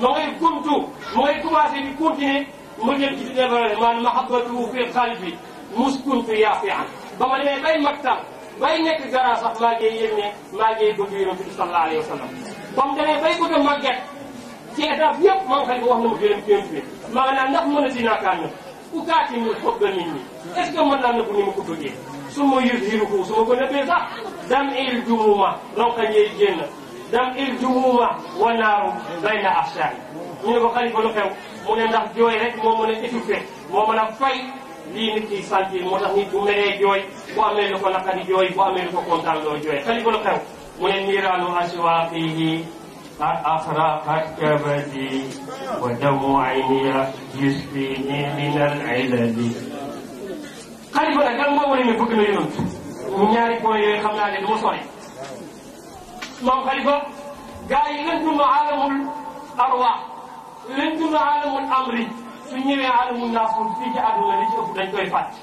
ma koy kumtu ma koy commencé di continuer ma jël ci biir développement maanaam mahabbatu fi xaalif muskun fi yaafian ba ma demee bay maktal bay nekk garaan sax maa ngi yëg ne maa ngi bëgg yonent bi sallallahu alayhi wa sallam ba mu demee bay bëgg a màgget ci étape yëpp maa ngi xëy wax na ma gërëm gërëm bi maanaam ndax mën a dinaakaan na ku kaati ñu xobga nit ñi est-ce que mën naa nëbbu ni ma ko bëggee su ma yëg yëngu su ma ko nëbbee sax daan ayil juumuma ronkañ yee génn dam il jumuuma wa naarum lay na afsaan ñu ne ko xalifa lu xew mu ne ndax jooy rek moo mën a étouffé moo mën a fay lii nit ki sentir moo tax nit bu meree jooy bu amee lu ko naqari jooy bu amee lu ko kontaan loo jooy xalifa lu xew mu ne niiraanu aswaaqihi قد أخرقت كبدي ودموع عيني يسقيني من العلل xalifa nag lan moo wane ne bëgg na yonent ñaari point yooyu xam naa ne du ma sori مو خليفة قال لنتم عالم الأرواح لنتم عالم الأمر سنيني عالم الناس فيك أدو لديك أفضل كوي فات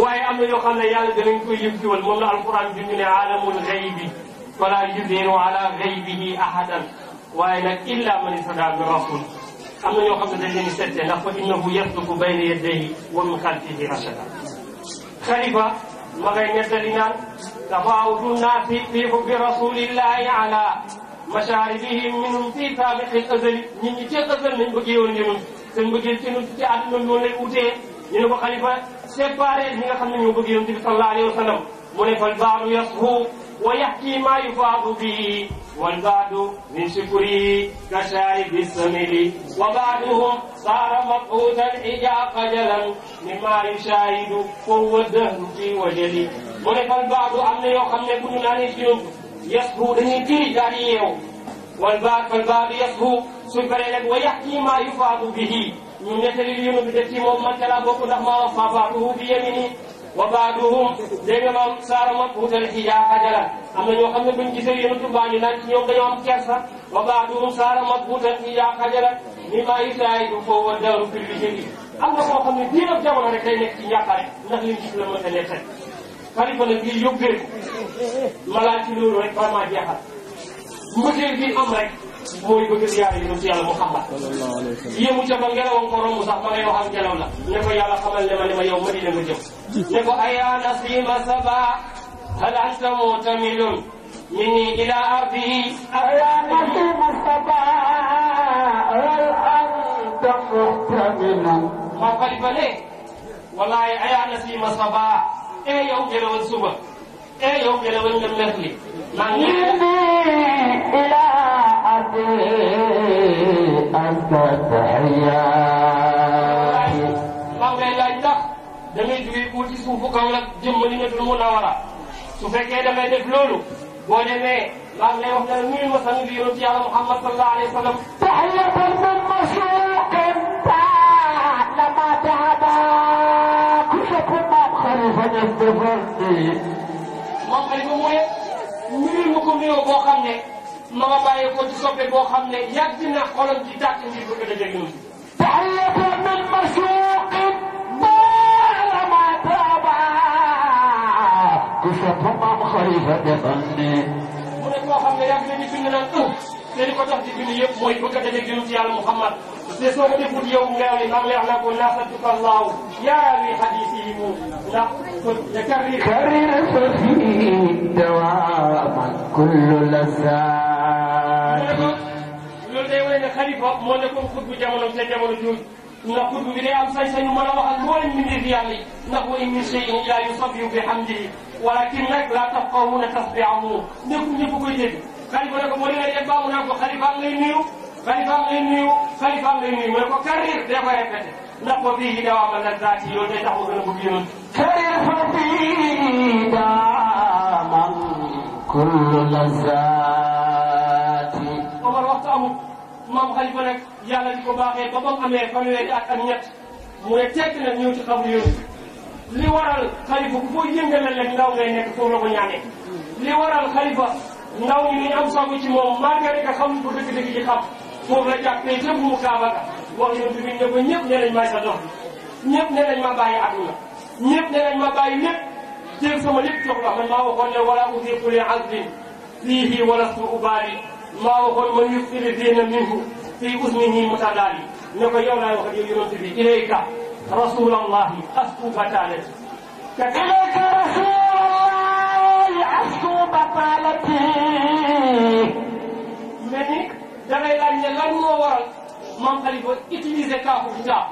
وهي أمن يخلى يالا دلين كوي يبكي والمولى القرآن جنين عالم الغيب فلا يدين على غيبه أحدا وإن إلا من صدى بالرسول أمن يخلى دلين ستة نفو إنه يطلق بين يديه ومن خلفه رشدا خليفة مغين يدلنا تفاوت الناس في حب رسول الله على مشاربهم من في سابق الأزل من في قزل من بقي ونمون سن بقي سن بقي عدم من الأوتي ينبقى خليفة سيباري من أخم من بقي ونمون صلى الله عليه وسلم من فالبار يصحو ويحكي ما يفاض به والبعد من شكره كشارب السمل وبعدهم صار مبعوثا إجا قجلا مما يشاهد فهو الدهر في وجلي mu ne fal baadu am na yoo xam ne bu ñu naanee ci ñoom yasbu dañuy tiri daal di yeewu wal baad fal baadu yasbu suñ paree nag wa yax kii maa yufaadu bihi ñu nettali li yónn bi def ci moom man ca laa bokk ndax maa wa faafaatuhu bi yemini wa baaduhum dégg nga maam saara ma puutal xija xajala am na ñoo xam ne buñ gisee yonentu baa ñu naan ci ñoom dañoo am kersa wa baaduhum saara ma puutal xija xajala ni maa isaay du foo wa daaru kulli jëli am na koo xam ne diir ak jamono rek day nekk ci njàqare ndax liñ gis la mënta nekk xalifa nag ngir yóbbee booy bëgg ziyaare yi ci yàlla Muhammad yéemu ca ba ngelawam ko romb sax ma ngay wax ak ngelaw la ne ko yàlla xamal ne ma ne ma yow Madina nga jëm ne ko ayaa nasima saba hal anta mutamilun minni ila ardihi ayaa nasima saba hal anta mutamilun ma xalifa ne wallaay ayaa nasima saba e yow ngelawal suba e yo gele wonde merli mangi ila abdi anta tahiyya maa ngay laaj tax damay jógee buur ci suufu kaw nag jëm Madinatul Munawwara su fekkee damay def loolu boo demee maa ngi lay wax ne nuyu ma sang bi yonent yàlla Muhammad sallallahu alayhi wa sallam tahiyatan min masuqin ta'ala ma tahaba ku sa ko maam xalifa ñes defar maam Khalifa mooy nuyul ma ko nuyoo boo xam ne ma nga bàyyee ko ci soppe boo xam ne yàgg na xolam di tàkk ngir bëgg a dajeg ñun tahiyatu min masuqin baalama taaba ku sopp maam Khalifa defal ne mu ne koo xam ne yàgg na ñu bind naan ëw léegi ko tax di bind yëpp mooy bëgg a dajeg ñun ci yàlla Muhammad te soo ko defut yow nga ne maa ngi lay wax naa ko naasatuka allahu yaaraa wi xadiisi yi mu ndax كرر فيه دواما كل لذات loolu day wane ne xalifa moo nekkoon xutbu jamono ca jamono jooju ndax xutbu bi day am sañ-sañu mën a waxal mboolem mbindeef yàlla yi ndax wa in min shay'in illaa yusabbihu bihamdihi walakin nag laa tafqahuuna tasbiihahum ñëpp ñëpp koy dégg xalifa ne ko moo leen def baamu naa ko xalifa am ngay nuyu xalifa am ngay nuyu xalifa am ngay nuyu mu ne ko karir dee ko répété نقوى فيه دوام اللذات وتيته بالمكيون ترف فيه داما كل لذات ومن وقت أمو مام خليفة لك يالا ديكو باقي بابام أمي فنوية أكمية مرتك لن يوتي قبل li waral xalifa ku koy yëngalal rek ndaw ngay nekk foofu la ko ñaanee li waral xalifa ndaw ñi ni am sago ci moom maa nga rek a xam ko dëgg-dëgg ci xam foofu la jàppee lépp mu kaaba ka moom yonent bi ne ko ñëpp ne nañ maay sa doom ñëpp ne nañ ma bàyyi àdduna ñëpp ne nañ ma bàyyi lépp jël sama lépp jox la man maa waxoon ne wala utiiqu li azbin fiihi walastu ubaari maa waxoon man yusiri diina minhu fii usnihi mutadaali ne ko yow laay wax ak yow yonent bi ilayka rasulallahi asku batalati ka ilayka rasulallahi asku batalati mais ni da ngay laaj ne lan moo waral مام خليفه اتلي زكاة فجاء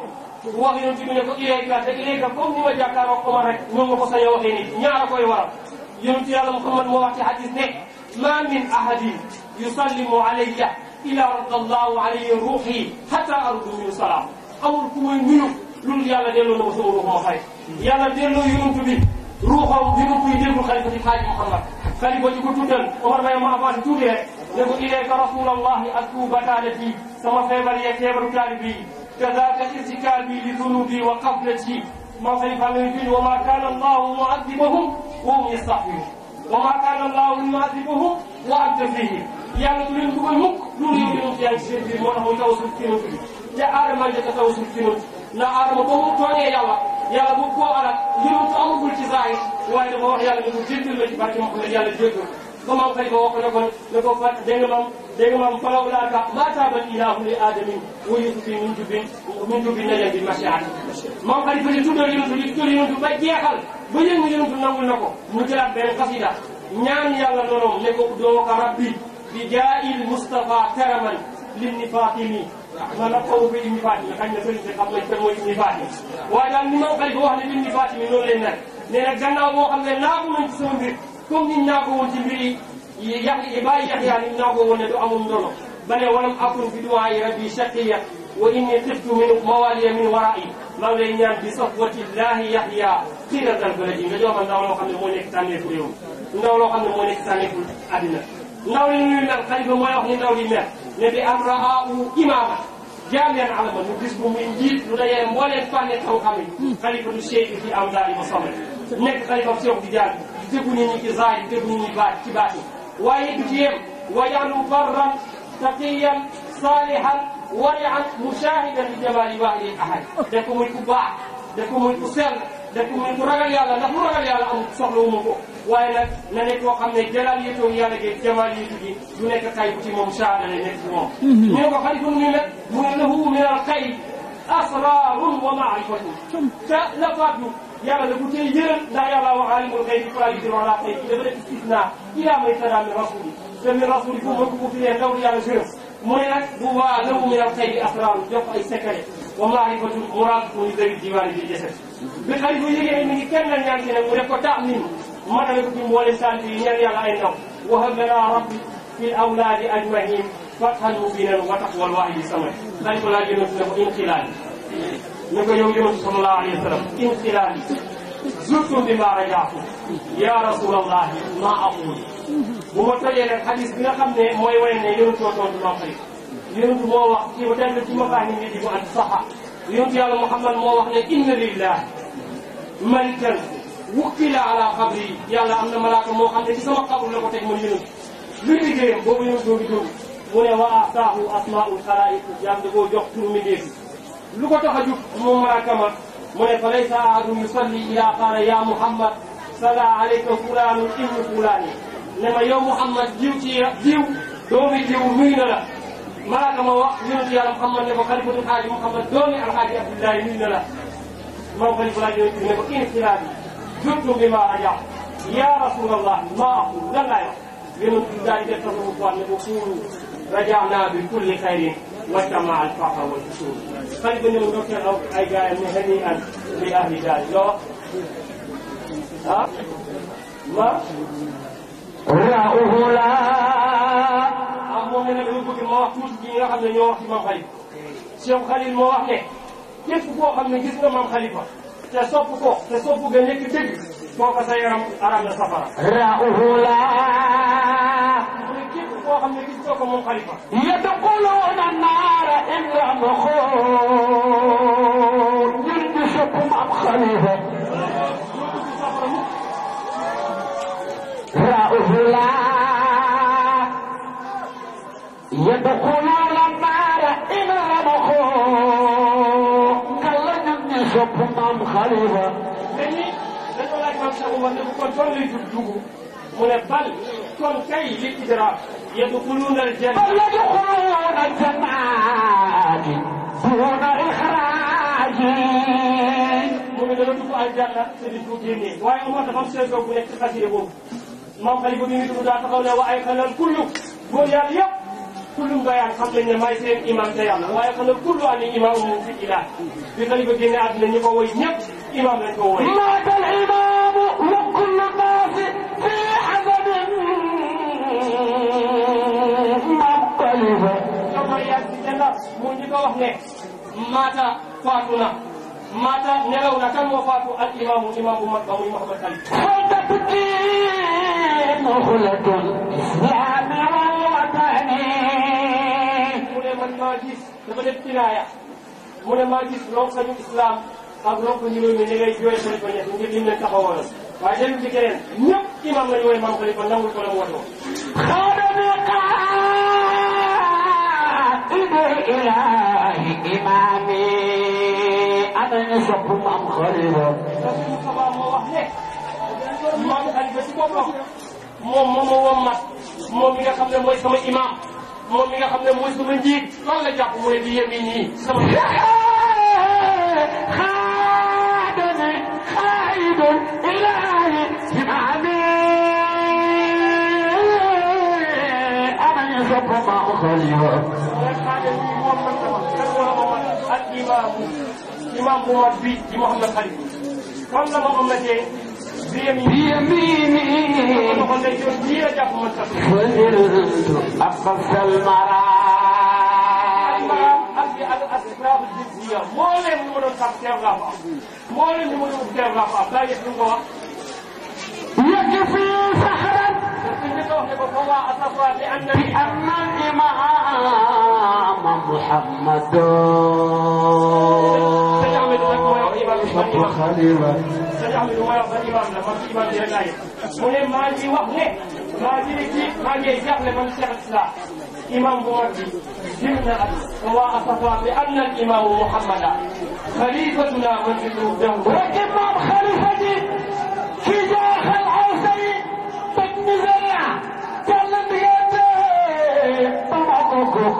وهو ينتي من يقول إليك أنت إليك كم هو جاكا وقمر من مقصة يوحيني نعرف أي ورم ينتي هذا محمد مواتي حديث نه ما من أحد يسلم علي إلى رضا الله عليه روحي حتى أرضه من صلاة أو الكوين منه لن يالا ديلو نمسوه روحه وخير يالا ديلو ينتي به روحه ديلو في ديلو خليفة الحاج محمد خليفة يقول تودن عمر ما يمع فاسي تودي يقول إليك رسول الله أتوب كالتي سما فيبر يكبر كالبي كذاك استكالبي لذنوبي وقبلتي ما في فلنفين وما كان الله معذبهم وهم يستغفرون وما كان الله معذبهم وأنت فيه يعني من دون مك نور يوم يعني شرك من هو توسل كيلوتي يا أرما يتوسل كيلوتي لا أرما بهم توني يا yàlla bu ko alal yëngu amagul ci saa yi waaye dama wax yàlla ne ko jéggal la ci barke فما فاي بو كنا كنا لكو فات دينغلام دينغلام فلو لا كا ما تاب الاله لادم ويوسف من جبين من جبين لا يدي مشيان ما قال في تودو يوم في تودو يوم في جيخال بجين نيون في نول نكو نجلات بن قصيده نيان يالا نورم لكو دو ربي بجاء المصطفى كرما للنفاقين من قوم بالنفاق لكن نسلت قبل تموت النفاق وانا من قال هو بالنفاق من نور لنا لان الجنه هو قال لا من سوندك كم من ناقو تبري يحيى ما يحيى عن ناقو وندو أمم دونه بل ولم أكن في دعائي ربي شقيا وإني خفت من موالي من ورائي ما مولى ينام بصفوة الله يحيى قيرة البلد نجوم أن نولو نعم خمي موني كتاني في يوم نولو نعم خمي موني كتاني في أدنى نولي نعم نولي القلب ما يخلي نولي ما نبي أن رآه إماما جامعا على من نجسب من جيل نولي مولي كتاني في من خليفة الشيخ في أمداري مصامر نك خليفة في جانب tegu nañu ci zaahir tegu nañu baat ci baat yi waaye du ci yem wajalu barran taqiyan saalihan warian mushahidan li jamaali waahidin ahad def ko muy ku baax def ko muy ku sell def ko muy ku ragal yàlla ndax mu ragal yàlla amul soxla wu ma ko waaye nag na nekk koo xam ne jalaal yëtoo yàlla gi jamaal yëtu gi du nekk kay bu ci moom shaada lay nekk ci moom ñu ne ko xalifum ni nag mu ne lahu min al xayr asrarun wa maarifatun te la faatu yàlla da bu tey yërëm ndax yàlla wa alimul xaybi fala yudir ala xayb dafa def istisna ila may tara min rasuli te min rasuli bu ma ko firee ndaw yàlla jeunesse mu ne nag bu waa lawu min al xaybi asrar jox ay secret wa maarifatul murad mu ñu dari diwaani bi jasad bi xarit bu yëgee mi ngi kenn la ñaan ci nag mu def ko taax nit matale ko ci mboole sant yi ñaan yàlla ay ndaw wahab lana rabbi fi awlaadi ajmahin fathan mubinan wa taqwal wahidi sama dañ ko laaj yonent ne ko inqilaal ne ko yow yonent sallallahu alayhi wa sallam inqilabi surtout bi maa rajaaxu ya rasulallahi maa aqul bu ma tojee nag xadis bi nga xam ne mooy wane ne yonentu wa tontu ma xëy yonentu moo wax ci ba tey ci ma baax ni nit yi bu an saxa yonentu yàlla Muhammad moo wax ne inna lillahi malikan wukkila ala xabri yi yàlla am na malaaka moo xam ne ci sama xabru la ko teg man yonentu lu liggéeyam boobu yonentu ngi jóg mu ne wa ataahu asmaul xalaaiq yàlla da koo jox tur mi ndeefi lu ko tax a jóg moom malaaka ma mu ne fa laysa ahadun yusalli ila qaala ya muhammad salla alayka fulaanu ibnu fulaani ne ma yow muhammad jiw ci jiw doomi jiw nuyu na la malaaka ma wax yonent yàlla muhammad ne ko xalifatul xaaji muhammad doomi alxaaji abdullahi nuyu na la moom xalifulaay yonent ne ko inxilaabi juttu bi ma rajax ya rasulallah ma aqul lan laay wax yonent daal di def tasawu ne ko kuulu rajaanaa bi kulli xayrin وطمع الفقر والكسور طيب، خلينا نذكر أو أيضا هنيئا لأهل ذلك لا ها ما رأوه لا أمو من الهبوك ما وحوش بينا حمد يوم حمام خليفة سيوم خليل ما وحنا كيف فوق حمد جسنا مام خليفة تصف فوق تصف فوق لك تجد فوق سيرم أرام لسفرة رأوه لا يدخلون النار إلا مخور يلبسكم أبخالهم هؤلاء يدخلون النار إلا مخور كلا يلبسكم أبخالهم mu ne bal kon kay li idra يدخلون الجنة يدخلون الجنة دون إخراج moom it dana dugg aljanna te di ko génnee waaye Omar dafa am seetloo bu nekk ci xasida boobu moom xalifa bi ñu tudd daa taxaw ne wa ay xalal kullu góor yàlla yëpp kullum nga yàlla xam nañ ne maay seen imam te yàlla waaye xalal kullu ani imam moom fi ilaa bi xalifa génne àdduna ñi ko woy ñëpp imam lañ ko woy moo ñu ko ne maata faatu maata nelaw na kan moo faatu al imaamu imaam bu mag ba muy Muhammad Ali mu ne maa gis dafa def kinaaya mu ne maa gis loog sañu islam ak loog ñu ne ngay jooy seen ko ñett ngir lim leen taxawoon waaye dem ci keneen ñëpp imam lañu woy maam Xalifa nangul ko la mu إلهي إمامي أنا نسب أم خريبا maam xalifa ci boppam moom moom moo wommat moom mi nga xam ne mooy sama imam moom mi nga xam ne mooy sama njiit loolu la jàpp mu ne di yemi nii sama xaadana xaayidun ilaahi imaami ana sopp maam xalifa imaamu imam Omar bi di Mouhamed Khalifa fan la Mouhamed Dieng بيميني أقصى المرام الأسباب الجنسية مولم يمنون تفتير غابة مولم يمنون تفتير غابة لا يحلوها يكفي سحرا لأن بأمامي معها الإمام محمد xëpp xaliba sëñ Amady mooy wax ba imam la man imam bi rek laa yëg mu ne maa ngi wax ne maa ngi ne ci maa ngi jàpp ne man Cheikh Islam imam bu mag bi dim na ak waa asafa bi am na imaamu Muhammada xalifatuna man fi suuf dem rek imam xalifa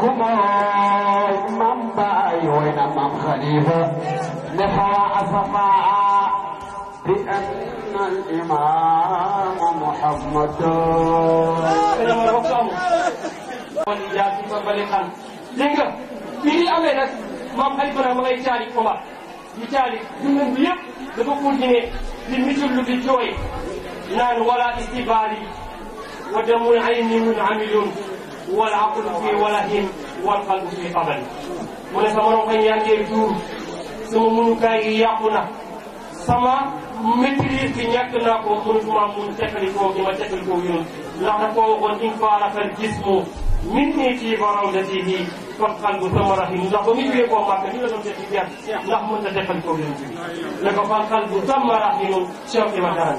kumoo mam baay way na mam xalifa ne fawa asafaa bi anna al imaamu muhammad kon yaa ma bale xan dégg nga mi ngi amee nag mam xalifa na ma ngay caali Omar di caali dundam bi yëpp dafa continuer di misullu di jooy naan wala istibaali wa damun ayni mun amilun wal aqlu fii walahin wal qalbu fii qabalin mu ne sama rongoñ yaa ngee duur sama munukaay gi yàqu na sama maîtrise bi ñàkk naa ko mënatuma mun tekkalikoo gi ma tekkalikoo yoon ndax daf koo waxoon in faaraqal jismu minnii fii rawdatihi fal qalbu sama rahim ndax ba muy jógee koo màkk ni la doon def ci gerte ndax mën na tekkalikoo yoon ne ko fal qalbu sama rahim cheikh Ibrahima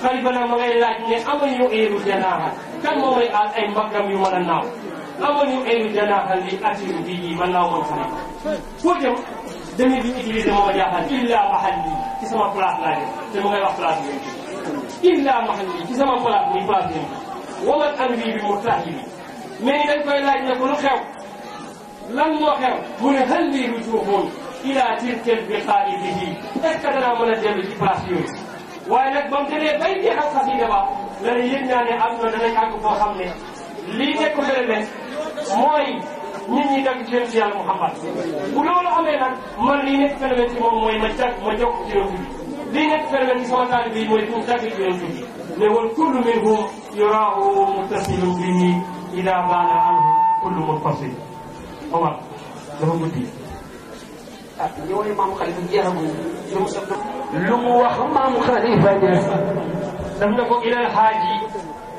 xalifa nag ma ngay laaj ne aman yu eeru janaaha kan moo may aal ay mbaggam yu mën a naaw aman yu eeru janaaha li attiru bii man naaw man fane foo jëm demi bi utilisé moo ma jaaxal illa mahal yi ci sama place laa jëm te mu ngay wax place yén illa mahal yi ci sama place muy place bi murtahi bi mais koy laaj ne ko lu lan moo xew mu ne hal lii rujuuxun ila tilkal biqaa'i bihi est ce danaa mën a dellu ci place yooyu waaye nag ba mu demee bay jeexal xasida ba la ne yëg naa ne àdduna danañ àgg boo xam ne lii nekk beneen ne mooy nit ñi dagg ci yonent yàlla Muhammad bu loolu amee nag man lii nekk phénomène ci moom mooy ma jag ma jokk ci yonent bi lii nekk phénomène ci sama taalibe bi mooy ñu jagg ci yonent bi ne wal kullu minhum yuraahu muttasilun bihi ila baala anhu kullu munfasil Omar dafa guddi ak ñëw ne maam xalifa jeexagul lu mu sa lu mu wax maam xalifa ñees daf na ko ilal xaaj yi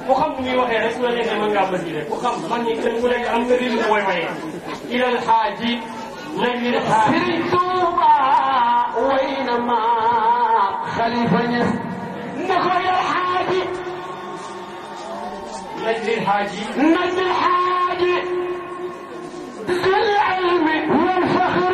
ku xam ni muy waxee rek su la neexee mën ngaa mën di rek ku xam man ñi kenn ku nekk am nga rim mooy maye ilal xaaj yi nañ ñu def xaaj Sëriñ Tuuba way na maam xalifa ñees na ko ilal xaaj yi nañ للحاج نجم الحاج ذي العلم والفخر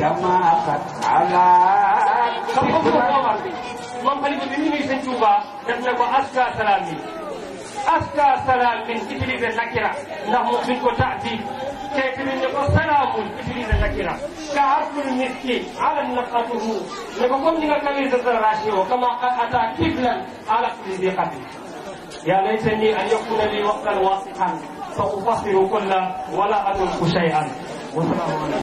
كما قد على xam-xam bu Omar moom xalifa bi ñu ngi sëñ Touba def na ko aska salaam yi aska salaam min utilisé nakira ndax mu duñ ko tahdid te tamit ne ko salaamun utilisé nakira ka harful miski ala nafatuhu ne ko comme ni nga kawee sa sa ratio kama qad ata kiblan ala kulli zi qadir يا ليتني أن يكون لي وقتا واثقا فأفسر كل ولا أترك شيئا والسلام عليكم